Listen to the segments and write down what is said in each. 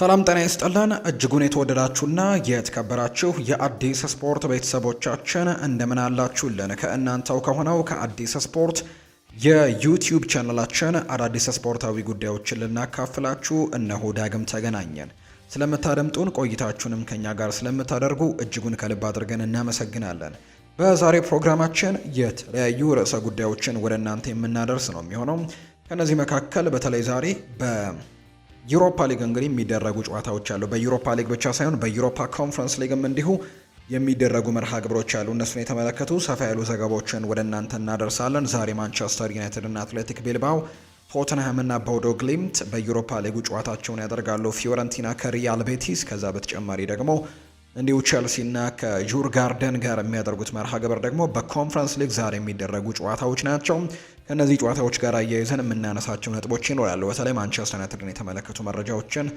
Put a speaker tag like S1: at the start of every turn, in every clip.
S1: ሰላም ጤና ይስጥልን እጅጉን የተወደዳችሁና የተከበራችሁ የአዲስ ስፖርት ቤተሰቦቻችን እንደምን አላችሁልን? ከእናንተው ከሆነው ከአዲስ ስፖርት የዩቲዩብ ቻናላችን አዳዲስ ስፖርታዊ ጉዳዮችን ልናካፍላችሁ እነሆ ዳግም ተገናኘን። ስለምታደምጡን ቆይታችሁንም ከኛ ጋር ስለምታደርጉ እጅጉን ከልብ አድርገን እናመሰግናለን። በዛሬ ፕሮግራማችን የተለያዩ ርዕሰ ጉዳዮችን ወደ እናንተ የምናደርስ ነው የሚሆነው ከእነዚህ መካከል በተለይ ዛሬ በ ዩሮፓ ሊግ እንግዲህ የሚደረጉ ጨዋታዎች አሉ። በዩሮፓ ሊግ ብቻ ሳይሆን በዩሮፓ ኮንፈረንስ ሊግም እንዲሁ የሚደረጉ መርሃ ግብሮች አሉ። እነሱን የተመለከቱ ሰፋ ያሉ ዘገባዎችን ወደ እናንተ እናደርሳለን። ዛሬ ማንቸስተር ዩናይትድ እና አትሌቲክ ቤልባው ቶተንሃም እና ቦዶ ግሊምት በዩሮፓ ሊጉ ጨዋታቸውን ያደርጋሉ። ፊዮረንቲና ከሪያል ቤቲስ ከዛ በተጨማሪ ደግሞ እንዲሁ ቼልሲና ከጁር ጋርደን ጋር የሚያደርጉት መርሃ ግብር ደግሞ በኮንፈረንስ ሊግ ዛሬ የሚደረጉ ጨዋታዎች ናቸው። ከእነዚህ ጨዋታዎች ጋር አያይዘን የምናነሳቸው ነጥቦች ይኖራሉ። በተለይ ማንቸስተር ዩናይትድን የተመለከቱ መረጃዎችን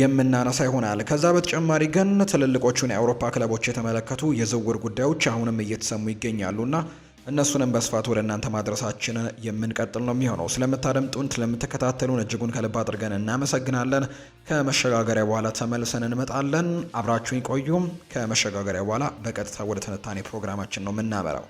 S1: የምናነሳ ይሆናል። ከዛ በተጨማሪ ግን ትልልቆቹን የአውሮፓ ክለቦች የተመለከቱ የዝውውር ጉዳዮች አሁንም እየተሰሙ ይገኛሉና እነሱንም በስፋት ወደ እናንተ ማድረሳችን የምንቀጥል ነው የሚሆነው። ስለምታደምጡን፣ ስለምትከታተሉን እጅጉን ከልብ አድርገን እናመሰግናለን። ከመሸጋገሪያ በኋላ ተመልሰን እንመጣለን። አብራችሁን ቆዩም። ከመሸጋገሪያ በኋላ በቀጥታ ወደ ትንታኔ ፕሮግራማችን ነው የምናመራው።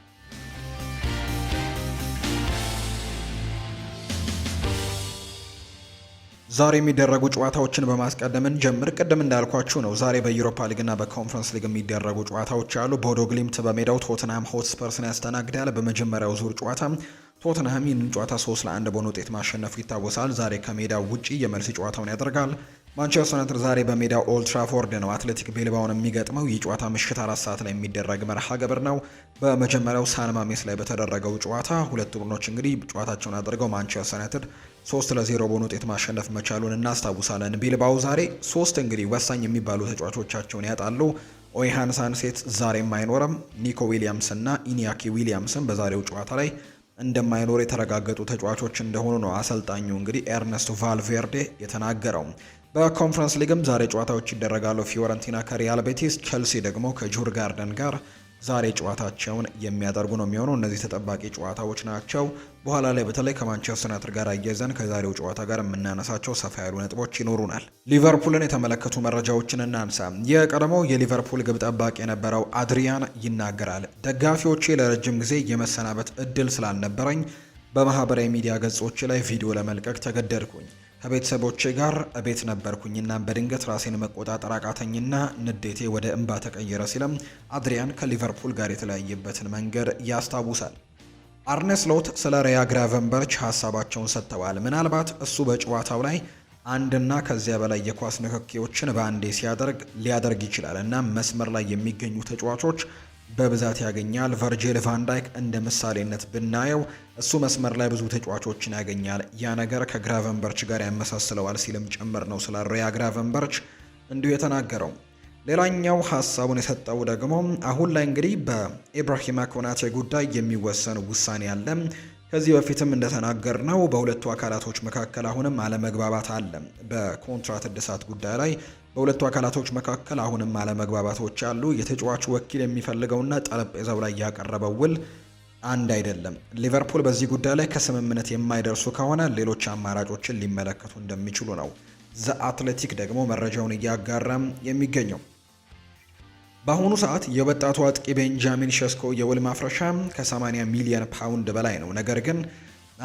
S1: ዛሬ የሚደረጉ ጨዋታዎችን በማስቀደምን ጀምር ቅድም እንዳልኳችሁ ነው። ዛሬ በዩሮፓ ሊግና በኮንፈረንስ ሊግ የሚደረጉ ጨዋታዎች አሉ። ቦዶ ግሊምት በሜዳው ቶትንሃም ሆትስፐርስን ያስተናግዳል። በመጀመሪያው ዙር ጨዋታ ቶትንሃም ይህንን ጨዋታ ሶስት ለአንድ በሆነ ውጤት ማሸነፉ ይታወሳል። ዛሬ ከሜዳው ውጪ የመልስ ጨዋታውን ያደርጋል። ማንቸስተር ዩናይትድ ዛሬ በሜዳ ኦልትራፎርድ ነው አትሌቲክ ቤልባውን የሚገጥመው። ይህ ጨዋታ ምሽት አራት ሰዓት ላይ የሚደረግ መርሃ ግብር ነው። በመጀመሪያው ሳን ላይ በተደረገው ጨዋታ ሁለቱ ቡድኖች እንግዲህ ጨዋታቸውን አድርገው ማንቸስተር ዩናይትድ ሶስት ለዜሮ በሆነ ውጤት ማሸነፍ መቻሉን እናስታውሳለን። ቤልባው ዛሬ ሶስት እንግዲህ ወሳኝ የሚባሉ ተጫዋቾቻቸውን ያጣሉ። ኦይሃን ሳንሴት ዛሬም አይኖርም። ኒኮ ዊሊያምስና ኢኒያኪ ዊሊያምስን በዛሬው ጨዋታ ላይ እንደማይኖር የተረጋገጡ ተጫዋቾች እንደሆኑ ነው አሰልጣኙ እንግዲህ ኤርነስቱ ቫልቬርዴ የተናገረው። በኮንፈረንስ ሊግም ዛሬ ጨዋታዎች ይደረጋሉ። ፊዮረንቲና ከሪያል ቤቲስ፣ ቸልሲ ደግሞ ከጁር ጋርደን ጋር ዛሬ ጨዋታቸውን የሚያደርጉ ነው የሚሆነው። እነዚህ ተጠባቂ ጨዋታዎች ናቸው። በኋላ ላይ በተለይ ከማንቸስተር ዩናይትድ ጋር አያይዘን ከዛሬው ጨዋታ ጋር የምናነሳቸው ሰፋ ያሉ ነጥቦች ይኖሩናል። ሊቨርፑልን የተመለከቱ መረጃዎችን እናንሳ። የቀድሞው የሊቨርፑል ግብ ጠባቂ የነበረው አድሪያን ይናገራል። ደጋፊዎቼ ለረጅም ጊዜ የመሰናበት እድል ስላልነበረኝ በማህበራዊ ሚዲያ ገጾች ላይ ቪዲዮ ለመልቀቅ ተገደድኩኝ ከቤተሰቦቼ ጋር እቤት ነበርኩኝና በድንገት ራሴን መቆጣጠር አቃተኝና ንዴቴ ወደ እንባ ተቀየረ ሲለም አድሪያን ከሊቨርፑል ጋር የተለያየበትን መንገድ ያስታውሳል። አርነ ስሎት ስለ ሪያ ግራቨንበርች ሀሳባቸውን ሰጥተዋል። ምናልባት እሱ በጨዋታው ላይ አንድና ከዚያ በላይ የኳስ ንክኪዎችን በአንዴ ሲያደርግ ሊያደርግ ይችላል እና መስመር ላይ የሚገኙ ተጫዋቾች በብዛት ያገኛል። ቨርጂል ቫንዳይክ እንደ ምሳሌነት ብናየው እሱ መስመር ላይ ብዙ ተጫዋቾችን ያገኛል። ያ ነገር ከግራቨንበርች ጋር ያመሳስለዋል ሲልም ጭምር ነው ስለ ሪያ ግራቨንበርች እንዲሁ የተናገረው። ሌላኛው ሀሳቡን የሰጠው ደግሞ አሁን ላይ እንግዲህ በኢብራሂማ ኮናቴ ጉዳይ የሚወሰን ውሳኔ አለ። ከዚህ በፊትም እንደተናገር ነው በሁለቱ አካላቶች መካከል አሁንም አለመግባባት አለ በኮንትራት እድሳት ጉዳይ ላይ በሁለቱ አካላቶች መካከል አሁንም አለመግባባቶች አሉ። የተጫዋቹ ወኪል የሚፈልገውና ጠረጴዛው ላይ ያቀረበው ውል አንድ አይደለም። ሊቨርፑል በዚህ ጉዳይ ላይ ከስምምነት የማይደርሱ ከሆነ ሌሎች አማራጮችን ሊመለከቱ እንደሚችሉ ነው ዘ አትሌቲክ ደግሞ መረጃውን እያጋራም የሚገኘው። በአሁኑ ሰዓት የወጣቱ አጥቂ ቤንጃሚን ሸስኮ የውል ማፍረሻ ከ80 ሚሊዮን ፓውንድ በላይ ነው። ነገር ግን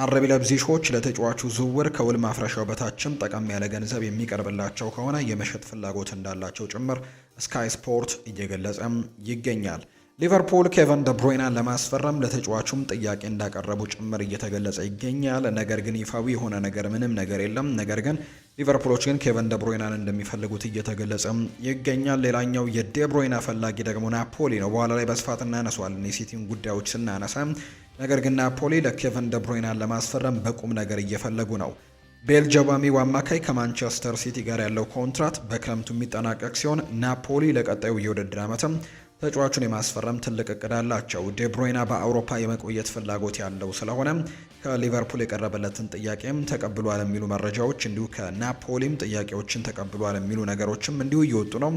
S1: አርቢ ለብዚሾች ለተጫዋቹ ዝውውር ከውል ማፍረሻው በታችም ጠቀም ያለ ገንዘብ የሚቀርብላቸው ከሆነ የመሸጥ ፍላጎት እንዳላቸው ጭምር ስካይ ስፖርት እየገለጸም ይገኛል። ሊቨርፑል ኬቨን ደብሮይናን ለማስፈረም ለተጫዋቹም ጥያቄ እንዳቀረቡ ጭምር እየተገለጸ ይገኛል። ነገር ግን ይፋዊ የሆነ ነገር ምንም ነገር የለም። ነገር ግን ሊቨርፑሎች ግን ኬቨን ደብሮይናን እንደሚፈልጉት እየተገለጸ ይገኛል። ሌላኛው የደብሮይና ፈላጊ ደግሞ ናፖሊ ነው። በኋላ ላይ በስፋት እናነሷለን የሲቲን ጉዳዮች ስናነሳ። ነገር ግን ናፖሊ ለኬቨን ደብሮይናን ለማስፈረም በቁም ነገር እየፈለጉ ነው። ቤልጃባዊው አማካይ ከማንቸስተር ሲቲ ጋር ያለው ኮንትራት በክረምቱ የሚጠናቀቅ ሲሆን ናፖሊ ለቀጣዩ የውድድር ዓመትም ተጫዋቹን የማስፈረም ትልቅ እቅድ አላቸው። ዴብሮይና በአውሮፓ የመቆየት ፍላጎት ያለው ስለሆነ ከሊቨርፑል የቀረበለትን ጥያቄም ተቀብሏል የሚሉ መረጃዎች እንዲሁ ከናፖሊም ጥያቄዎችን ተቀብሏል የሚሉ ነገሮችም እንዲሁ እየወጡ ነው።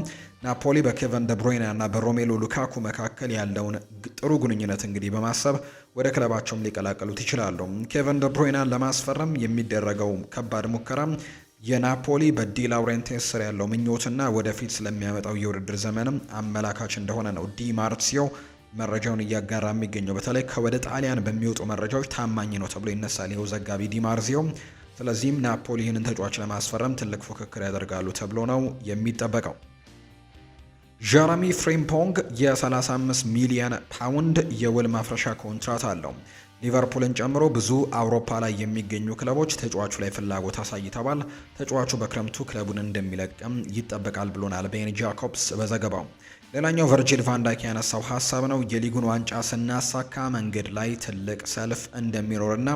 S1: ናፖሊ በኬቨን ደብሮይና እና በሮሜሎ ሉካኩ መካከል ያለውን ጥሩ ግንኙነት እንግዲህ በማሰብ ወደ ክለባቸውም ሊቀላቀሉት ይችላሉ። ኬቨን ደብሮይናን ለማስፈረም የሚደረገው ከባድ ሙከራ የናፖሊ በዲ ላውሬንቴስ ስር ያለው ምኞትና ወደፊት ስለሚያመጣው የውድድር ዘመንም አመላካች እንደሆነ ነው ዲ ማርሲዮ መረጃውን እያጋራ የሚገኘው። በተለይ ከወደ ጣሊያን በሚወጡ መረጃዎች ታማኝ ነው ተብሎ ይነሳል ይኸው ዘጋቢ ዲ ማርሲዮ። ስለዚህም ናፖሊ ይህንን ተጫዋች ለማስፈረም ትልቅ ፉክክር ያደርጋሉ ተብሎ ነው የሚጠበቀው። ጀረሚ ፍሪምፖንግ የ35 ሚሊዮን ፓውንድ የውል ማፍረሻ ኮንትራት አለው። ሊቨርፑልን ጨምሮ ብዙ አውሮፓ ላይ የሚገኙ ክለቦች ተጫዋቹ ላይ ፍላጎት አሳይተዋል። ተጫዋቹ በክረምቱ ክለቡን እንደሚለቅም ይጠበቃል ብሎናል ቤን ጃኮብስ በዘገባው። ሌላኛው ቨርጂል ቫንዳይክ ያነሳው ሀሳብ ነው። የሊጉን ዋንጫ ስናሳካ መንገድ ላይ ትልቅ ሰልፍ እንደሚኖርና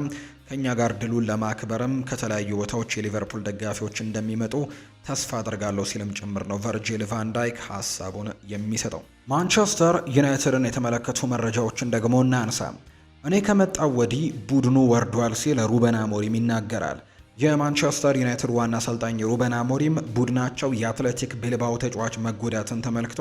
S1: ከእኛ ጋር ድሉን ለማክበርም ከተለያዩ ቦታዎች የሊቨርፑል ደጋፊዎች እንደሚመጡ ተስፋ አድርጋለሁ ሲልም ጭምር ነው ቨርጂል ቫንዳይክ ሀሳቡን የሚሰጠው። ማንቸስተር ዩናይትድን የተመለከቱ መረጃዎችን ደግሞ እናንሳ። እኔ ከመጣው ወዲህ ቡድኑ ወርዷል ሲል ሩበን አሞሪም ይናገራል። የማንቸስተር ዩናይትድ ዋና አሰልጣኝ ሩበን አሞሪም ቡድናቸው የአትሌቲክ ቢልባው ተጫዋች መጎዳትን ተመልክቶ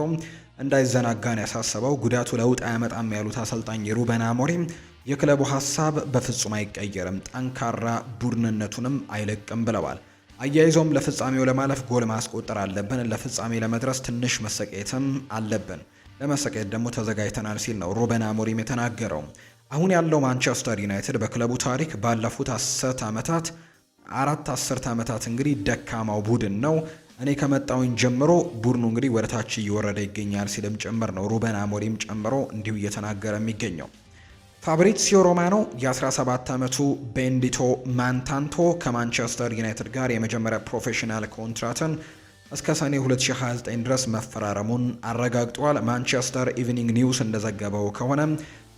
S1: እንዳይዘናጋን ያሳሰበው ጉዳቱ ለውጥ አያመጣም ያሉት አሰልጣኝ ሩበን አሞሪም የክለቡ ሀሳብ በፍጹም አይቀየርም፣ ጠንካራ ቡድንነቱንም አይለቅም ብለዋል። አያይዞም ለፍጻሜው ለማለፍ ጎል ማስቆጠር አለብን፣ ለፍጻሜ ለመድረስ ትንሽ መሰቄትም አለብን፣ ለመሰቄት ደግሞ ተዘጋጅተናል ሲል ነው ሩበን አሞሪም የተናገረው። አሁን ያለው ማንቸስተር ዩናይትድ በክለቡ ታሪክ ባለፉት አስርት ዓመታት አራት አስርት ዓመታት እንግዲህ ደካማው ቡድን ነው። እኔ ከመጣውኝ ጀምሮ ቡድኑ እንግዲህ ወደ ታች እየወረደ ይገኛል ሲልም ጭምር ነው ሩበን አሞሪም ጨምሮ እንዲሁ እየተናገረ የሚገኘው። ፋብሪዚዮ ሮማኖ የ17 ዓመቱ ቤንዲቶ ማንታንቶ ከማንቸስተር ዩናይትድ ጋር የመጀመሪያ ፕሮፌሽናል ኮንትራትን እስከ ሰኔ 2029 ድረስ መፈራረሙን አረጋግጧል። ማንቸስተር ኢቭኒንግ ኒውስ እንደዘገበው ከሆነ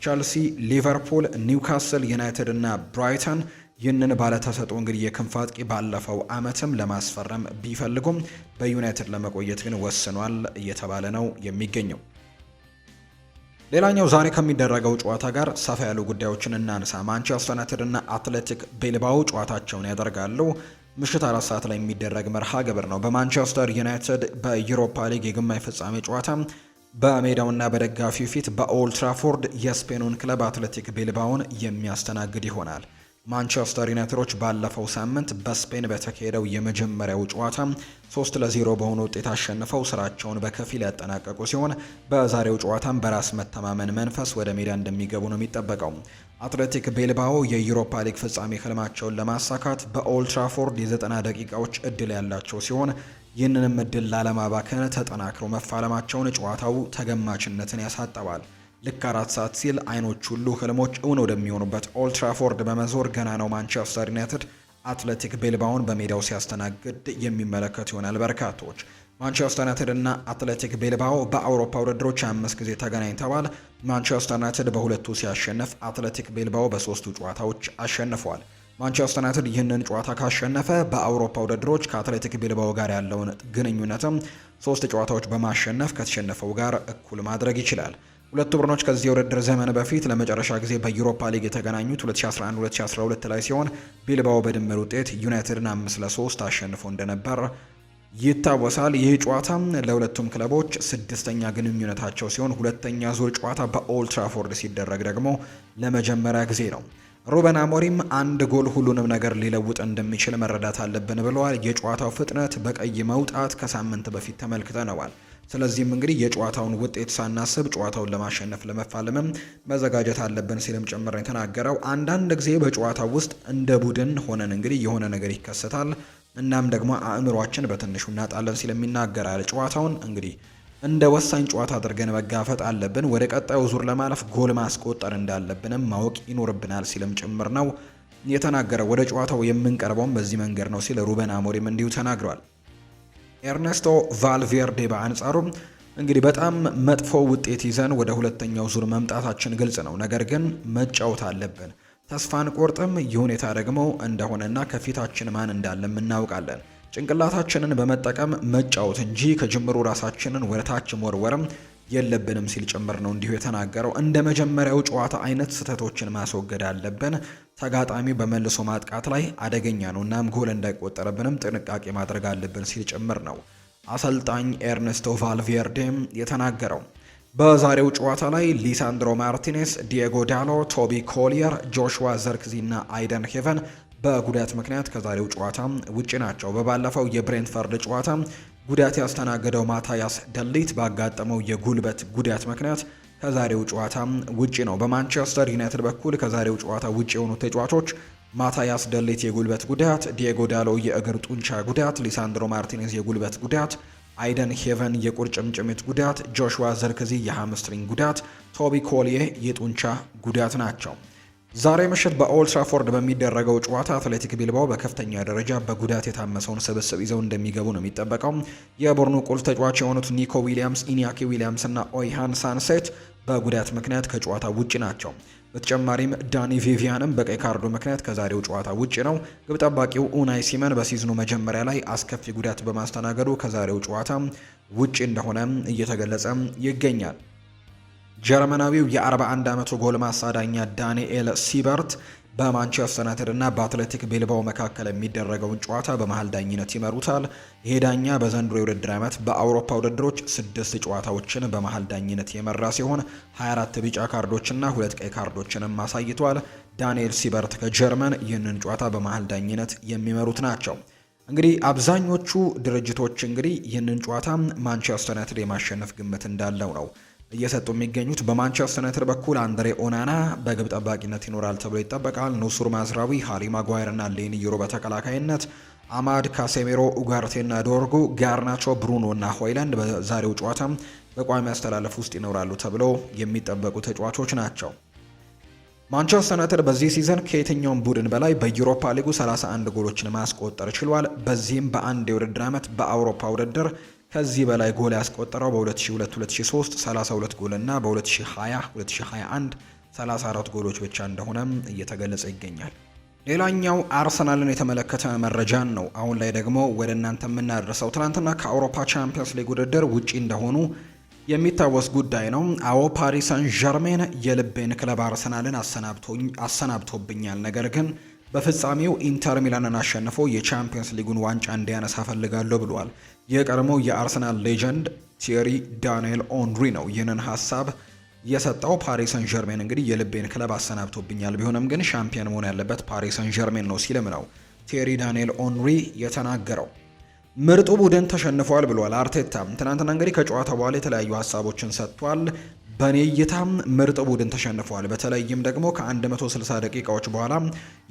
S1: ቸልሲ፣ ሊቨርፑል፣ ኒውካስል ዩናይትድ እና ብራይተን ይህንን ባለተሰጦ እንግዲህ የክንፍ አጥቂ ባለፈው አመትም ለማስፈረም ቢፈልጉም በዩናይትድ ለመቆየት ግን ወስኗል እየተባለ ነው የሚገኘው። ሌላኛው ዛሬ ከሚደረገው ጨዋታ ጋር ሰፋ ያሉ ጉዳዮችን እናንሳ። ማንቸስተር ዩናይትድ እና አትሌቲክ ቤልባው ጨዋታቸውን ያደርጋሉ። ምሽት አራት ሰዓት ላይ የሚደረግ መርሃ ግብር ነው። በማንቸስተር ዩናይትድ በዩሮፓ ሊግ የግማሽ ፍጻሜ ጨዋታ በሜዳውና በደጋፊው ፊት በኦልትራፎርድ የስፔኑን ክለብ አትሌቲክ ቢልባውን የሚያስተናግድ ይሆናል። ማንቸስተር ዩናይትዶች ባለፈው ሳምንት በስፔን በተካሄደው የመጀመሪያው ጨዋታ ሶስት ለዜሮ በሆነ ውጤት አሸንፈው ስራቸውን በከፊል ያጠናቀቁ ሲሆን በዛሬው ጨዋታም በራስ መተማመን መንፈስ ወደ ሜዳ እንደሚገቡ ነው የሚጠበቀው። አትሌቲክ ቤልባኦ የዩሮፓ ሊግ ፍጻሜ ህልማቸውን ለማሳካት በኦልትራፎርድ የ90 ደቂቃዎች እድል ያላቸው ሲሆን ይህንንም እድል ላለማባከን ተጠናክሮ መፋለማቸውን ጨዋታው ተገማችነትን ያሳጠባል። ልክ አራት ሰዓት ሲል አይኖች ሁሉ ህልሞች እውን ወደሚሆኑበት ኦልትራፎርድ በመዞር ገና ነው ማንቸስተር ዩናይትድ አትሌቲክ ቤልባውን በሜዳው ሲያስተናግድ የሚመለከቱ ይሆናል በርካቶች። ማንቸስተር ዩናይትድ እና አትሌቲክ ቤልባኦ በአውሮፓ ውድድሮች አምስት ጊዜ ተገናኝተዋል። ማንቸስተር ዩናይትድ በሁለቱ ሲያሸንፍ፣ አትሌቲክ ቤልባኦ በሶስቱ ጨዋታዎች አሸንፏል። ማንቸስተር ዩናይትድ ይህንን ጨዋታ ካሸነፈ በአውሮፓ ውድድሮች ከአትሌቲክ ቢልባው ጋር ያለውን ግንኙነትም ሶስት ጨዋታዎች በማሸነፍ ከተሸነፈው ጋር እኩል ማድረግ ይችላል። ሁለቱ ቡድኖች ከዚህ የውድድር ዘመን በፊት ለመጨረሻ ጊዜ በዩሮፓ ሊግ የተገናኙት 2011-2012 ላይ ሲሆን ቢልባው በድምር ውጤት ዩናይትድን አምስት ለሶስት አሸንፎ እንደነበር ይታወሳል። ይህ ጨዋታ ለሁለቱም ክለቦች ስድስተኛ ግንኙነታቸው ሲሆን ሁለተኛ ዙር ጨዋታ በኦልትራፎርድ ሲደረግ ደግሞ ለመጀመሪያ ጊዜ ነው። ሩበን አሞሪም አንድ ጎል ሁሉንም ነገር ሊለውጥ እንደሚችል መረዳት አለብን ብለዋል። የጨዋታው ፍጥነት በቀይ መውጣት ከሳምንት በፊት ተመልክተነዋል። ስለዚህም እንግዲህ የጨዋታውን ውጤት ሳናስብ ጨዋታውን ለማሸነፍ ለመፋለምም መዘጋጀት አለብን ሲልም ጭምር የተናገረው። አንዳንድ ጊዜ በጨዋታው ውስጥ እንደ ቡድን ሆነን እንግዲህ የሆነ ነገር ይከሰታል። እናም ደግሞ አእምሯችን በትንሹ እናጣለን ሲልም ይናገራል። ጨዋታውን እንግዲህ እንደ ወሳኝ ጨዋታ አድርገን መጋፈጥ አለብን። ወደ ቀጣዩ ዙር ለማለፍ ጎል ማስቆጠር እንዳለብንም ማወቅ ይኖርብናል ሲልም ጭምር ነው የተናገረው። ወደ ጨዋታው የምንቀርበውም በዚህ መንገድ ነው ሲል ሩበን አሞሪም እንዲሁ ተናግሯል። ኤርኔስቶ ቫልቬርዴ በአንጻሩ እንግዲህ በጣም መጥፎ ውጤት ይዘን ወደ ሁለተኛው ዙር መምጣታችን ግልጽ ነው፣ ነገር ግን መጫወት አለብን። ተስፋን ቆርጥም ይህ ሁኔታ ደግሞ እንደሆነና ከፊታችን ማን እንዳለም እናውቃለን ጭንቅላታችንን በመጠቀም መጫወት እንጂ ከጅምሩ ራሳችንን ወደ ወርወርም መወርወርም የለብንም ሲል ጭምር ነው እንዲሁ የተናገረው። እንደ መጀመሪያው ጨዋታ አይነት ስህተቶችን ማስወገድ አለብን። ተጋጣሚ በመልሶ ማጥቃት ላይ አደገኛ ነው፣ እናም ጎል እንዳይቆጠረብንም ጥንቃቄ ማድረግ አለብን ሲል ጭምር ነው አሰልጣኝ ኤርኔስቶ ቫልቬርዴም የተናገረው። በዛሬው ጨዋታ ላይ ሊሳንድሮ ማርቲኔስ፣ ዲየጎ ዳሎ፣ ቶቢ ኮሊየር፣ ጆሹዋ ዘርክዚ እና አይደን ሄቨን በጉዳት ምክንያት ከዛሬው ጨዋታ ውጪ ናቸው። በባለፈው የብሬንትፈርድ ጨዋታ ጉዳት ያስተናገደው ማታያስ ደሊት ባጋጠመው የጉልበት ጉዳት ምክንያት ከዛሬው ጨዋታ ውጪ ነው። በማንቸስተር ዩናይትድ በኩል ከዛሬው ጨዋታ ውጪ የሆኑ ተጫዋቾች ማታያስ ደሌት የጉልበት ጉዳት፣ ዲየጎ ዳሎ የእግር ጡንቻ ጉዳት፣ ሊሳንድሮ ማርቲኔዝ የጉልበት ጉዳት፣ አይደን ሄቨን የቁርጭምጭሚት ጉዳት፣ ጆሹዋ ዘርክዚ የሃምስትሪንግ ጉዳት፣ ቶቢ ኮልዬ የጡንቻ ጉዳት ናቸው። ዛሬ ምሽት በኦልድ ትራፎርድ በሚደረገው ጨዋታ አትሌቲክ ቢልባው በከፍተኛ ደረጃ በጉዳት የታመሰውን ስብስብ ይዘው እንደሚገቡ ነው የሚጠበቀው። የቦርኑ ቁልፍ ተጫዋች የሆኑት ኒኮ ዊሊያምስ፣ ኢኒያኪ ዊሊያምስ እና ኦይሃን ሳንሴት በጉዳት ምክንያት ከጨዋታ ውጭ ናቸው። በተጨማሪም ዳኒ ቪቪያንም በቀይ ካርዱ ምክንያት ከዛሬው ጨዋታ ውጭ ነው። ግብ ጠባቂው ኡናይ ሲመን በሲዝኑ መጀመሪያ ላይ አስከፊ ጉዳት በማስተናገዱ ከዛሬው ጨዋታ ውጭ እንደሆነ እየተገለጸ ይገኛል። ጀርመናዊው የ41 ዓመቱ ጎልማሳ ዳኛ ዳንኤል ሲበርት በማንቸስተር ዩናይትድ እና በአትሌቲክ ቢልባው መካከል የሚደረገውን ጨዋታ በመሀል ዳኝነት ይመሩታል። ይሄ ዳኛ በዘንድሮ የውድድር ዓመት በአውሮፓ ውድድሮች ስድስት ጨዋታዎችን በመሀል ዳኝነት የመራ ሲሆን 24 ቢጫ ካርዶችና ሁለት ቀይ ካርዶችንም አሳይቷል። ዳንኤል ሲበርት ከጀርመን ይህንን ጨዋታ በመሀል ዳኝነት የሚመሩት ናቸው። እንግዲህ አብዛኞቹ ድርጅቶች እንግዲህ ይህንን ጨዋታ ማንቸስተር ዩናይትድ የማሸነፍ ግምት እንዳለው ነው እየሰጡ የሚገኙት በማንቸስተር ዩናይትድ በኩል አንድሬ ኦናና በግብ ጠባቂነት ይኖራል ተብሎ ይጠበቃል። ኑሱር ማዝራዊ፣ ሃሪ ማጓየር ና ሌኒ ዩሮ በተከላካይነት አማድ ካሴሜሮ፣ ኡጋርቴና ዶርጉ፣ ጋርናቾ፣ ብሩኖ ና ሆይላንድ በዛሬው ጨዋታ በቋሚ አስተላለፍ ውስጥ ይኖራሉ ተብሎ የሚጠበቁ ተጫዋቾች ናቸው። ማንቸስተር ዩናይትድ በዚህ ሲዘን ከየትኛውም ቡድን በላይ በዩሮፓ ሊጉ 31 ጎሎችን ማስቆጠር ችሏል። በዚህም በአንድ የውድድር ዓመት በአውሮፓ ውድድር ከዚህ በላይ ጎል ያስቆጠረው በ 2002 32 ጎል እና በ2020-2021 34 ጎሎች ብቻ እንደሆነም እየተገለጸ ይገኛል። ሌላኛው አርሰናልን የተመለከተ መረጃን ነው። አሁን ላይ ደግሞ ወደ እናንተ የምናደርሰው ትናንትና ከአውሮፓ ቻምፒየንስ ሊግ ውድድር ውጪ እንደሆኑ የሚታወስ ጉዳይ ነው። አዎ ፓሪስ ሳን ዠርሜን የልቤን ክለብ አርሰናልን አሰናብቶብኛል፣ ነገር ግን በፍጻሜው ኢንተር ሚላንን አሸንፎ የቻምፒየንስ ሊጉን ዋንጫ እንዲያነሳ ፈልጋለሁ ብሏል። የቀድሞው የአርሰናል ሌጀንድ ቲየሪ ዳንኤል ኦንሪ ነው ይህንን ሀሳብ የሰጠው። ፓሪስ ሰን ጀርሜን እንግዲህ የልቤን ክለብ አሰናብቶብኛል፣ ቢሆንም ግን ሻምፒየን መሆን ያለበት ፓሪስ ሰን ጀርሜን ነው ሲልም ነው ቲየሪ ዳንኤል ኦንሪ የተናገረው። ምርጡ ቡድን ተሸንፏል ብሏል አርቴታ። ትናንትና እንግዲህ ከጨዋታ በኋላ የተለያዩ ሀሳቦችን ሰጥቷል። በእኔ እይታም ምርጥ ቡድን ተሸንፏል። በተለይም ደግሞ ከ160 ደቂቃዎች በኋላ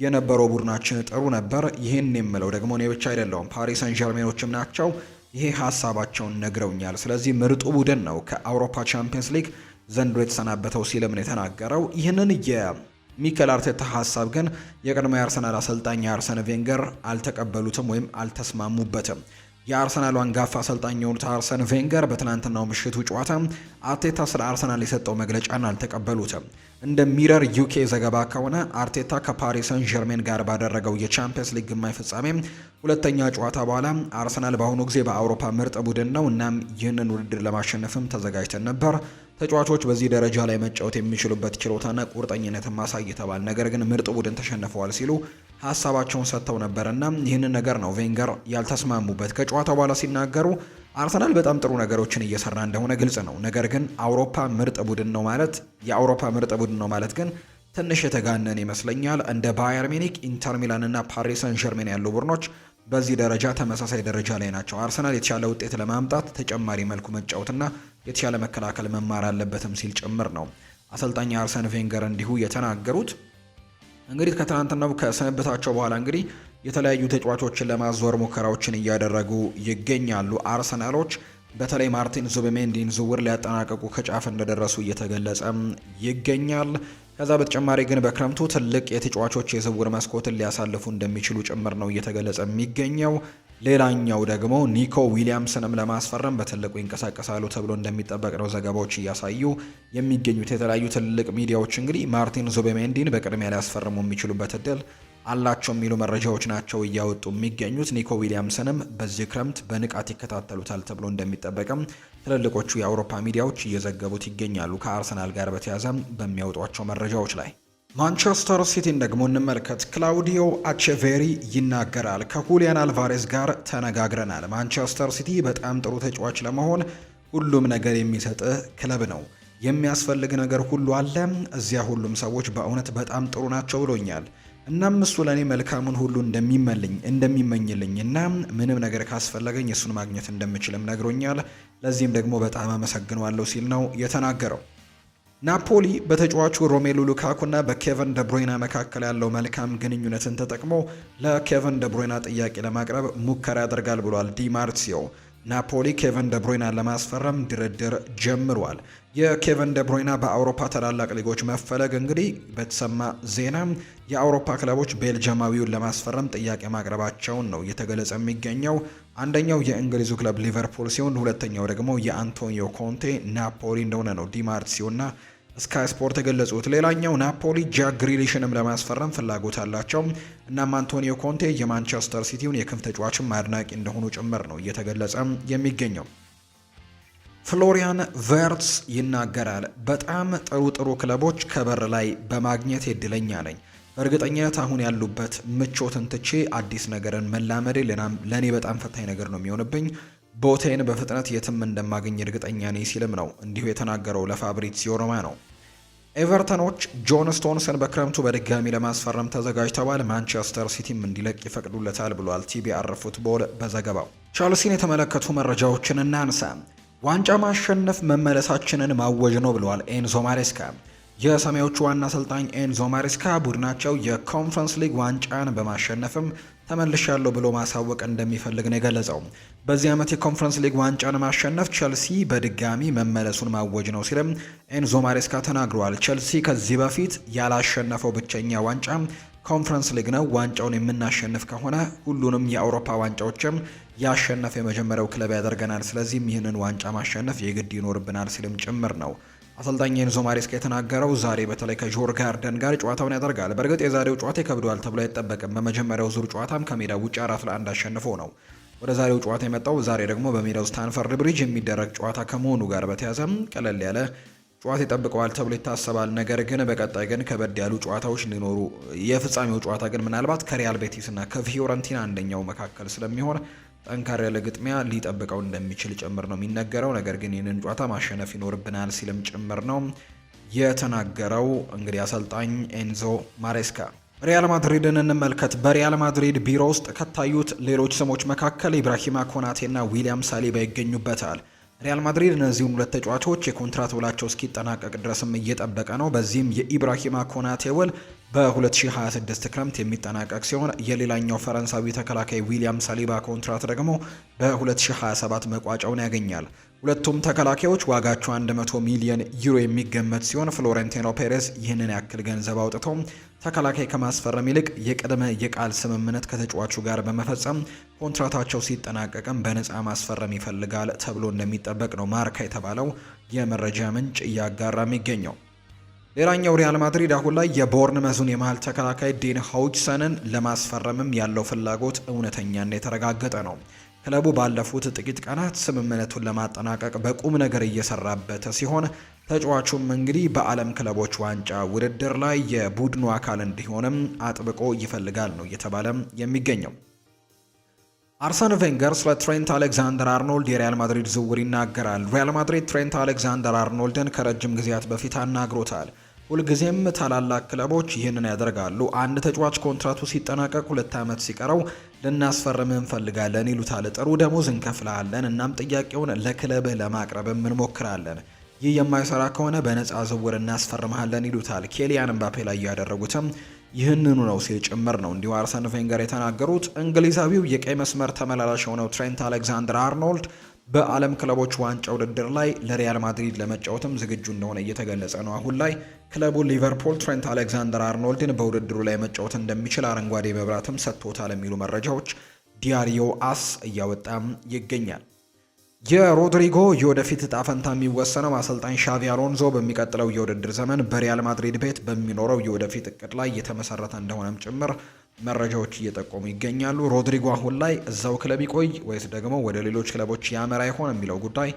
S1: የነበረው ቡድናችን ጥሩ ነበር። ይህን የምለው ደግሞ እኔ ብቻ አይደለውም፣ ፓሪስ ሰን ዠርሜኖችም ናቸው ይሄ ሀሳባቸውን ነግረውኛል። ስለዚህ ምርጡ ቡድን ነው ከአውሮፓ ቻምፒየንስ ሊግ ዘንድሮ የተሰናበተው ሲልም ነው የተናገረው። ይህንን የሚኬል አርቴታ ሀሳብ ግን የቅድሞ የአርሰናል አሰልጣኝ አርሰን ቬንገር አልተቀበሉትም ወይም አልተስማሙበትም። የአርሰናሉ አንጋፋ አሰልጣኝ የሆኑት አርሰን ቬንገር በትናንትናው ምሽቱ ጨዋታ አርቴታ ስለ አርሰናል የሰጠው መግለጫን አልተቀበሉትም። እንደ ሚረር ዩኬ ዘገባ ከሆነ አርቴታ ከፓሪሰን ጀርሜን ጋር ባደረገው የቻምፒየንስ ሊግ ግማሽ ፍጻሜ ሁለተኛ ጨዋታ በኋላ አርሰናል በአሁኑ ጊዜ በአውሮፓ ምርጥ ቡድን ነው፣ እናም ይህንን ውድድር ለማሸነፍም ተዘጋጅተን ነበር። ተጫዋቾች በዚህ ደረጃ ላይ መጫወት የሚችሉበት ችሎታና ቁርጠኝነትን ተባል። ነገር ግን ምርጥ ቡድን ተሸንፈዋል ሲሉ ሀሳባቸውን ሰጥተው ነበርና ይህንን ነገር ነው ቬንገር ያልተስማሙበት። ከጨዋታው በኋላ ሲናገሩ አርሰናል በጣም ጥሩ ነገሮችን እየሰራ እንደሆነ ግልጽ ነው። ነገር ግን አውሮፓ ምርጥ ቡድን ነው ማለት የአውሮፓ ምርጥ ቡድን ነው ማለት ግን ትንሽ የተጋነን ይመስለኛል። እንደ ባየር ሚኒክ፣ ኢንተር ሚላን እና ፓሪስ ሰን ያሉ ቡድኖች በዚህ ደረጃ ተመሳሳይ ደረጃ ላይ ናቸው። አርሰናል የተሻለ ውጤት ለማምጣት ተጨማሪ መልኩ መጫወትና የተሻለ መከላከል መማር አለበትም ሲል ጭምር ነው አሰልጣኝ አርሰን ቬንገር እንዲሁ የተናገሩት። እንግዲህ ከትናንትናው ከሰነበታቸው በኋላ እንግዲህ የተለያዩ ተጫዋቾችን ለማዞር ሙከራዎችን እያደረጉ ይገኛሉ። አርሰናሎች በተለይ ማርቲን ዙቢሜንዲን ዝውውር ሊያጠናቀቁ ከጫፍ እንደደረሱ እየተገለጸ ይገኛል። ከዛ በተጨማሪ ግን በክረምቱ ትልቅ የተጫዋቾች የዝውውር መስኮትን ሊያሳልፉ እንደሚችሉ ጭምር ነው እየተገለጸ የሚገኘው። ሌላኛው ደግሞ ኒኮ ዊሊያምስንም ለማስፈረም በትልቁ ይንቀሳቀሳሉ ተብሎ እንደሚጠበቅ ነው ዘገባዎች እያሳዩ የሚገኙት። የተለያዩ ትልልቅ ሚዲያዎች እንግዲህ ማርቲን ዙቤሜንዲን በቅድሚያ ሊያስፈርሙ የሚችሉበት እድል አላቸው የሚሉ መረጃዎች ናቸው እያወጡ የሚገኙት። ኒኮ ዊሊያምስንም በዚህ ክረምት በንቃት ይከታተሉታል ተብሎ እንደሚጠበቅም ትልልቆቹ የአውሮፓ ሚዲያዎች እየዘገቡት ይገኛሉ ከአርሰናል ጋር በተያያዘ በሚያወጧቸው መረጃዎች ላይ ማንቸስተር ሲቲን ደግሞ እንመልከት። ክላውዲዮ አቼቬሪ ይናገራል። ከሁሊያን አልቫሬዝ ጋር ተነጋግረናል። ማንቸስተር ሲቲ በጣም ጥሩ ተጫዋች ለመሆን ሁሉም ነገር የሚሰጥህ ክለብ ነው። የሚያስፈልግ ነገር ሁሉ አለ። እዚያ ሁሉም ሰዎች በእውነት በጣም ጥሩ ናቸው ብሎኛል። እናም እሱ ለእኔ መልካሙን ሁሉ እንደሚመልኝ እንደሚመኝልኝ እና ምንም ነገር ካስፈለገኝ እሱን ማግኘት እንደምችልም ነግሮኛል። ለዚህም ደግሞ በጣም አመሰግነዋለሁ ሲል ነው የተናገረው። ናፖሊ በተጫዋቹ ሮሜሉ ሉካኩና በኬቨን ደብሮይና መካከል ያለው መልካም ግንኙነትን ተጠቅሞ ለኬቨን ደብሮይና ጥያቄ ለማቅረብ ሙከራ ያደርጋል ብሏል ዲማርሲዮ። ናፖሊ ኬቨን ደብሮይና ለማስፈረም ድርድር ጀምሯል። የኬቨን ደብሮይና በአውሮፓ ታላላቅ ሊጎች መፈለግ እንግዲህ በተሰማ ዜና የአውሮፓ ክለቦች ቤልጅማዊውን ለማስፈረም ጥያቄ ማቅረባቸውን ነው እየተገለጸ የሚገኘው። አንደኛው የእንግሊዙ ክለብ ሊቨርፑል ሲሆን፣ ሁለተኛው ደግሞ የአንቶኒዮ ኮንቴ ናፖሊ እንደሆነ ነው ዲማርሲዮና ስካይ ስፖርት የገለጹት። ሌላኛው ናፖሊ ጃክ ግሪሊሽንም ለማስፈረም ፍላጎት አላቸው። እናም አንቶኒዮ ኮንቴ የማንቸስተር ሲቲውን የክንፍ ተጫዋችም አድናቂ እንደሆኑ ጭምር ነው እየተገለጸ የሚገኘው። ፍሎሪያን ቨርትስ ይናገራል። በጣም ጥሩ ጥሩ ክለቦች ከበር ላይ በማግኘት እድለኛ ነኝ። በእርግጠኝነት አሁን ያሉበት ምቾትን ትቼ አዲስ ነገርን መላመዴ ለእኔ በጣም ፈታኝ ነገር ነው የሚሆንብኝ ቦቴን በፍጥነት የትም እንደማገኝ እርግጠኛ ነኝ ሲልም ነው እንዲሁ የተናገረው ለፋብሪዚዮ ሮማኖ። ኤቨርተኖች ጆን ስቶንስን በክረምቱ በድጋሚ ለማስፈረም ተዘጋጅተዋል፣ ማንቸስተር ሲቲም እንዲለቅ ይፈቅዱለታል ብሏል ቲቢአር ፉትቦል በዘገባው። ቻልሲን የተመለከቱ መረጃዎችን እናንሳ። ዋንጫ ማሸነፍ መመለሳችንን ማወጅ ነው ብለዋል ኤንዞ ማሬስካ። የሰማዮቹ ዋና አሰልጣኝ ኤንዞ ማሬስካ ቡድናቸው የኮንፈረንስ ሊግ ዋንጫን በማሸነፍም ተመልሻለሁ ብሎ ማሳወቅ እንደሚፈልግ ነው የገለጸው። በዚህ ዓመት የኮንፈረንስ ሊግ ዋንጫን ማሸነፍ ቸልሲ በድጋሚ መመለሱን ማወጅ ነው ሲልም ኤንዞ ማሬስካ ተናግረዋል። ቸልሲ ከዚህ በፊት ያላሸነፈው ብቸኛ ዋንጫ ኮንፈረንስ ሊግ ነው። ዋንጫውን የምናሸንፍ ከሆነ ሁሉንም የአውሮፓ ዋንጫዎችም ያሸነፈ የመጀመሪያው ክለብ ያደርገናል። ስለዚህም ይህንን ዋንጫ ማሸነፍ የግድ ይኖርብናል ሲልም ጭምር ነው አሰልጣኝ ኤንዞ ማሬስካ የተናገረው ዛሬ በተለይ ከጆር ጋርደን ጋር ጨዋታውን ያደርጋል። በእርግጥ የዛሬው ጨዋታ ይከብደዋል ተብሎ አይጠበቅም። በመጀመሪያው ዙር ጨዋታም ከሜዳ ውጭ አራት ለአንድ አሸንፎ ነው ወደ ዛሬው ጨዋታ የመጣው። ዛሬ ደግሞ በሜዳው ስታንፈርድ ብሪጅ የሚደረግ ጨዋታ ከመሆኑ ጋር በተያዘም ቀለል ያለ ጨዋታ ይጠብቀዋል ተብሎ ይታሰባል። ነገር ግን በቀጣይ ግን ከበድ ያሉ ጨዋታዎች ሊኖሩ፣ የፍጻሜው ጨዋታ ግን ምናልባት ከሪያል ቤቲስ እና ከፊዮረንቲና አንደኛው መካከል ስለሚሆን ጠንካራ ያለ ግጥሚያ ሊጠብቀው እንደሚችል ጭምር ነው የሚነገረው። ነገር ግን ይህንን ጨዋታ ማሸነፍ ይኖርብናል ሲልም ጭምር ነው የተናገረው። እንግዲህ አሰልጣኝ ኤንዞ ማሬስካ ሪያል ማድሪድን እንመልከት። በሪያል ማድሪድ ቢሮ ውስጥ ከታዩት ሌሎች ስሞች መካከል ኢብራሂማ ኮናቴና ዊሊያም ሳሊባ ይገኙበታል። ሪያል ማድሪድ እነዚሁን ሁለት ተጫዋቾች የኮንትራት ውላቸው እስኪጠናቀቅ ድረስም እየጠበቀ ነው። በዚህም የኢብራሂማ ኮናቴ ውል በ2026 ክረምት የሚጠናቀቅ ሲሆን የሌላኛው ፈረንሳዊ ተከላካይ ዊሊያም ሳሊባ ኮንትራት ደግሞ በ2027 መቋጫውን ያገኛል። ሁለቱም ተከላካዮች ዋጋቸው 100 ሚሊዮን ዩሮ የሚገመት ሲሆን ፍሎሬንቲኖ ፔሬስ ይህንን ያክል ገንዘብ አውጥቶ ተከላካይ ከማስፈረም ይልቅ የቅድመ የቃል ስምምነት ከተጫዋቹ ጋር በመፈጸም ኮንትራታቸው ሲጠናቀቅም በነፃ ማስፈረም ይፈልጋል ተብሎ እንደሚጠበቅ ነው ማርካ የተባለው የመረጃ ምንጭ እያጋራ የሚገኘው። ሌላኛው ሪያል ማድሪድ አሁን ላይ የቦርን መዙን የመሀል ተከላካይ ዲን ሀውጅሰንን ለማስፈረምም ያለው ፍላጎት እውነተኛና የተረጋገጠ ነው። ክለቡ ባለፉት ጥቂት ቀናት ስምምነቱን ለማጠናቀቅ በቁም ነገር እየሰራበት ሲሆን ተጫዋቹም እንግዲህ በዓለም ክለቦች ዋንጫ ውድድር ላይ የቡድኑ አካል እንዲሆንም አጥብቆ ይፈልጋል ነው እየተባለ የሚገኘው። አርሰን ቬንገር ስለ ትሬንት አሌክዛንደር አርኖልድ የሪያል ማድሪድ ዝውውር ይናገራል። ሪያል ማድሪድ ትሬንት አሌክዛንደር አርኖልድን ከረጅም ጊዜያት በፊት አናግሮታል። ሁልጊዜም ታላላቅ ክለቦች ይህንን ያደርጋሉ። አንድ ተጫዋች ኮንትራቱ ሲጠናቀቅ ሁለት ዓመት ሲቀረው ልናስፈርም እንፈልጋለን ይሉታል። ጥሩ ደሞዝ እንከፍልሃለን፣ እናም ጥያቄውን ለክለብህ ለማቅረብም እንሞክራለን ይህ የማይሰራ ከሆነ በነፃ ዝውውር እናስፈርመሃለን ይሉታል። ኬሊያን እምባፔ ላይ ያደረጉትም ይህንኑ ነው ሲል ጭምር ነው እንዲሁ አርሰን ቬንገር የተናገሩት። እንግሊዛዊው የቀይ መስመር ተመላላሽ የሆነው ትሬንት አሌክዛንደር አርኖልድ በዓለም ክለቦች ዋንጫ ውድድር ላይ ለሪያል ማድሪድ ለመጫወትም ዝግጁ እንደሆነ እየተገለጸ ነው። አሁን ላይ ክለቡ ሊቨርፑል ትሬንት አሌክዛንደር አርኖልድን በውድድሩ ላይ መጫወት እንደሚችል አረንጓዴ መብራትም ሰጥቶታል የሚሉ መረጃዎች ዲያሪዮ አስ እያወጣም ይገኛል። የሮድሪጎ የወደፊት እጣ ፈንታ የሚወሰነው አሰልጣኝ ሻቪ አሎንዞ በሚቀጥለው የውድድር ዘመን በሪያል ማድሪድ ቤት በሚኖረው የወደፊት እቅድ ላይ የተመሰረተ እንደሆነም ጭምር መረጃዎች እየጠቆሙ ይገኛሉ። ሮድሪጎ አሁን ላይ እዛው ክለብ ይቆይ ወይስ ደግሞ ወደ ሌሎች ክለቦች ያመራ ይሆን የሚለው ጉዳይ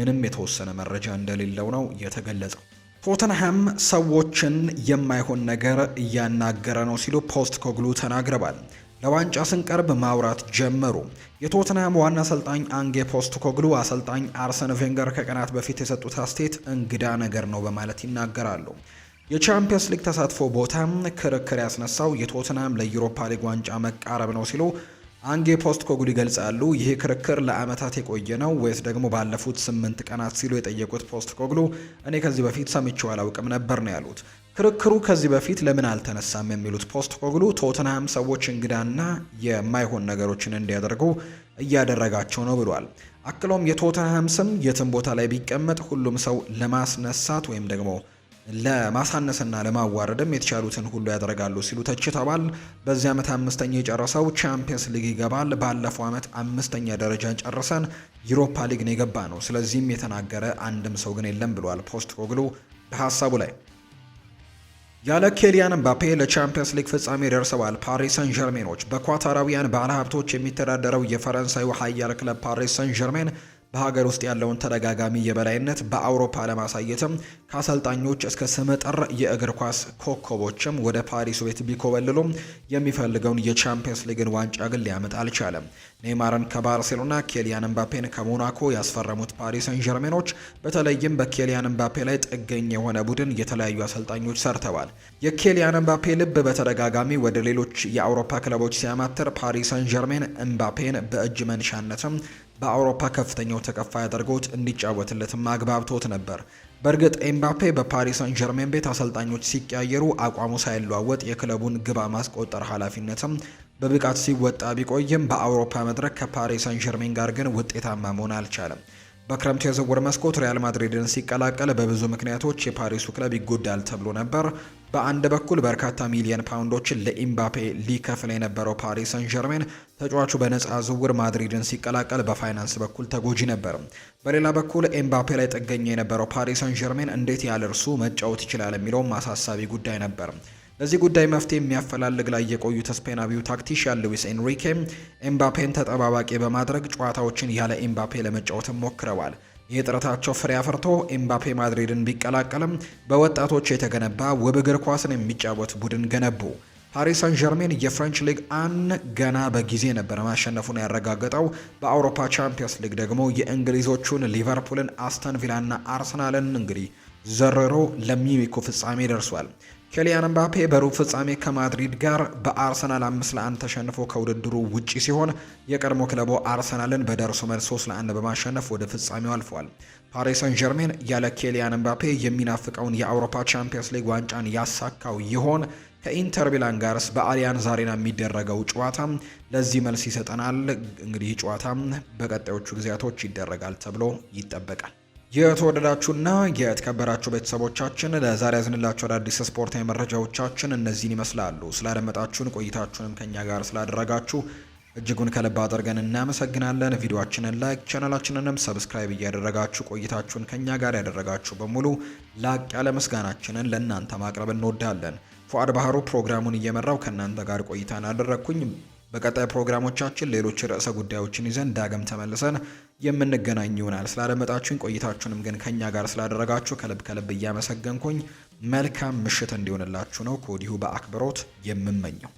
S1: ምንም የተወሰነ መረጃ እንደሌለው ነው የተገለጸው። ቶተንሃም ሰዎችን የማይሆን ነገር እያናገረ ነው ሲሉ ፖስት ኮግሉ ተናግረዋል። ለዋንጫ ስንቀርብ ማውራት ጀመሩ። የቶትናም ዋና አሰልጣኝ አንጌ ኮግሉ አሰልጣኝ አርሰን ቬንገር ከቀናት በፊት የሰጡት አስተያየት እንግዳ ነገር ነው በማለት ይናገራሉ። የቻምፒየንስ ሊግ ተሳትፎ ቦታም ክርክር ያስነሳው የቶትናም ለዩሮፓ ሊግ ዋንጫ መቃረብ ነው ሲሉ አንጌ ፖስት ኮግሉ ይገልጻሉ። ይህ ክርክር ለአመታት የቆየ ነው ወይስ ደግሞ ባለፉት ስምንት ቀናት ሲሉ የጠየቁት ኮግሉ እኔ ከዚህ በፊት ሰምቼው አላውቅም ነበር ነው ያሉት። ክርክሩ ከዚህ በፊት ለምን አልተነሳም የሚሉት ፖስት ኮግሉ ቶትንሃም ሰዎች እንግዳና የማይሆን ነገሮችን እንዲያደርጉ እያደረጋቸው ነው ብሏል። አክሎም የቶትንሃም ስም የትም ቦታ ላይ ቢቀመጥ ሁሉም ሰው ለማስነሳት ወይም ደግሞ ለማሳነስና ለማዋረድም የተቻሉትን ሁሉ ያደርጋሉ ሲሉ ተችተዋል። በዚህ ዓመት አምስተኛ የጨረሰው ቻምፒየንስ ሊግ ይገባል። ባለፈው ዓመት አምስተኛ ደረጃን ጨርሰን ዩሮፓ ሊግን የገባ ነው። ስለዚህም የተናገረ አንድም ሰው ግን የለም ብሏል ፖስት ኮግሉ በሀሳቡ ላይ ያለ ኬሊያን ምባፔ ለቻምፒየንስ ሊግ ፍጻሜ ደርሰዋል። ፓሪስ ሰን ዠርሜኖች በኳታራውያን ባለሀብቶች የሚተዳደረው የፈረንሳዩ ሀያል ክለብ ፓሪስ ሰን ዠርሜን በሀገር ውስጥ ያለውን ተደጋጋሚ የበላይነት በአውሮፓ ለማሳየትም ከአሰልጣኞች እስከ ስመጥር የእግር ኳስ ኮከቦችም ወደ ፓሪስ ቤት ቢኮበልሉም የሚፈልገውን የቻምፒየንስ ሊግን ዋንጫ ግን ሊያመጣ አልቻለም። ኔይማርን ከባርሴሎና ኬሊያን እምባፔን ከሞናኮ ያስፈረሙት ፓሪስ ሰን ዠርሜኖች በተለይም በኬሊያን እምባፔ ላይ ጥገኝ የሆነ ቡድን የተለያዩ አሰልጣኞች ሰርተዋል። የኬሊያን እምባፔ ልብ በተደጋጋሚ ወደ ሌሎች የአውሮፓ ክለቦች ሲያማትር ፓሪስ ሰን ዠርሜን እምባፔን በእጅ መንሻነትም በአውሮፓ ከፍተኛው ተከፋይ አድርጎት እንዲጫወትለትም አግባብቶት ነበር። በእርግጥ ኤምባፔ በፓሪስ ሰን ጀርሜን ቤት አሰልጣኞች ሲቀያየሩ አቋሙ ሳይለዋወጥ የክለቡን ግባ ማስቆጠር ኃላፊነትም በብቃት ሲወጣ ቢቆይም በአውሮፓ መድረክ ከፓሪስ ሰን ጀርሜን ጋር ግን ውጤታማ መሆን አልቻለም። በክረምቱ የዝውውር መስኮት ሪያል ማድሪድን ሲቀላቀል በብዙ ምክንያቶች የፓሪሱ ክለብ ይጎዳል ተብሎ ነበር። በአንድ በኩል በርካታ ሚሊየን ፓውንዶችን ለኢምባፔ ሊከፍል የነበረው ፓሪስ ሰን ጀርሜን ተጫዋቹ በነፃ ዝውውር ማድሪድን ሲቀላቀል በፋይናንስ በኩል ተጎጂ ነበር። በሌላ በኩል ኤምባፔ ላይ ጥገኛ የነበረው ፓሪስ ሰን ጀርሜን እንዴት ያለ እርሱ መጫወት ይችላል የሚለውም አሳሳቢ ጉዳይ ነበር። ለዚህ ጉዳይ መፍትሄ የሚያፈላልግ ላይ የቆዩት ስፔናዊው ታክቲሽያን ሉዊስ ኤንሪኬ ኤምባፔን ተጠባባቂ በማድረግ ጨዋታዎችን ያለ ኤምባፔ ለመጫወትም ሞክረዋል። ይህ ጥረታቸው ፍሬ አፍርቶ ኤምባፔ ማድሪድን ቢቀላቀልም በወጣቶች የተገነባ ውብ እግር ኳስን የሚጫወት ቡድን ገነቡ። ፓሪስ ሳን ዠርሜን የፍሬንች ሊግ አን ገና በጊዜ ነበር ማሸነፉን ያረጋገጠው። በአውሮፓ ቻምፒየንስ ሊግ ደግሞ የእንግሊዞቹን ሊቨርፑልን፣ አስተን ቪላና አርሰናልን እንግዲህ ዘርሮ ለሚሚኩ ፍጻሜ ደርሷል። ኬሊያን ምባፔ በሩብ ፍጻሜ ከማድሪድ ጋር በአርሰናል አምስት ለአንድ ተሸንፎ ከውድድሩ ውጪ ሲሆን የቀድሞ ክለቡ አርሰናልን በደርሶ መልስ ሶስት ለአንድ በማሸነፍ ወደ ፍጻሜው አልፏል። ፓሪስ ሰን ጀርሜን ያለ ኬሊያን ምባፔ የሚናፍቀውን የአውሮፓ ቻምፒየንስ ሊግ ዋንጫን ያሳካው ይሆን? ከኢንተር ሚላን ጋርስ በአሊያንዝ አሬና የሚደረገው ጨዋታ ለዚህ መልስ ይሰጠናል። እንግዲህ ጨዋታ በቀጣዮቹ ጊዜያቶች ይደረጋል ተብሎ ይጠበቃል። የተወደዳችሁና የተከበራችሁ ቤተሰቦቻችን ለዛሬ ያዝንላችሁ አዳዲስ ስፖርታዊ መረጃዎቻችን እነዚህን ይመስላሉ። ስላደመጣችሁን ቆይታችሁንም ከኛ ጋር ስላደረጋችሁ እጅጉን ከልብ አድርገን እናመሰግናለን። ቪዲዮችንን ላይክ፣ ቻናላችንንም ሰብስክራይብ እያደረጋችሁ ቆይታችሁን ከኛ ጋር ያደረጋችሁ በሙሉ ላቅ ያለ ምስጋናችንን ለእናንተ ማቅረብ እንወዳለን። ፉአድ ባህሩ ፕሮግራሙን እየመራው ከእናንተ ጋር ቆይታን አደረግኩኝ። በቀጣይ ፕሮግራሞቻችን ሌሎች ርዕሰ ጉዳዮችን ይዘን ዳግም ተመልሰን የምንገናኝ ይሆናል። ስላደመጣችሁኝ ቆይታችሁንም ግን ከኛ ጋር ስላደረጋችሁ ከልብ ከልብ እያመሰገንኩኝ መልካም ምሽት እንዲሆንላችሁ ነው ከወዲሁ በአክብሮት የምመኘው።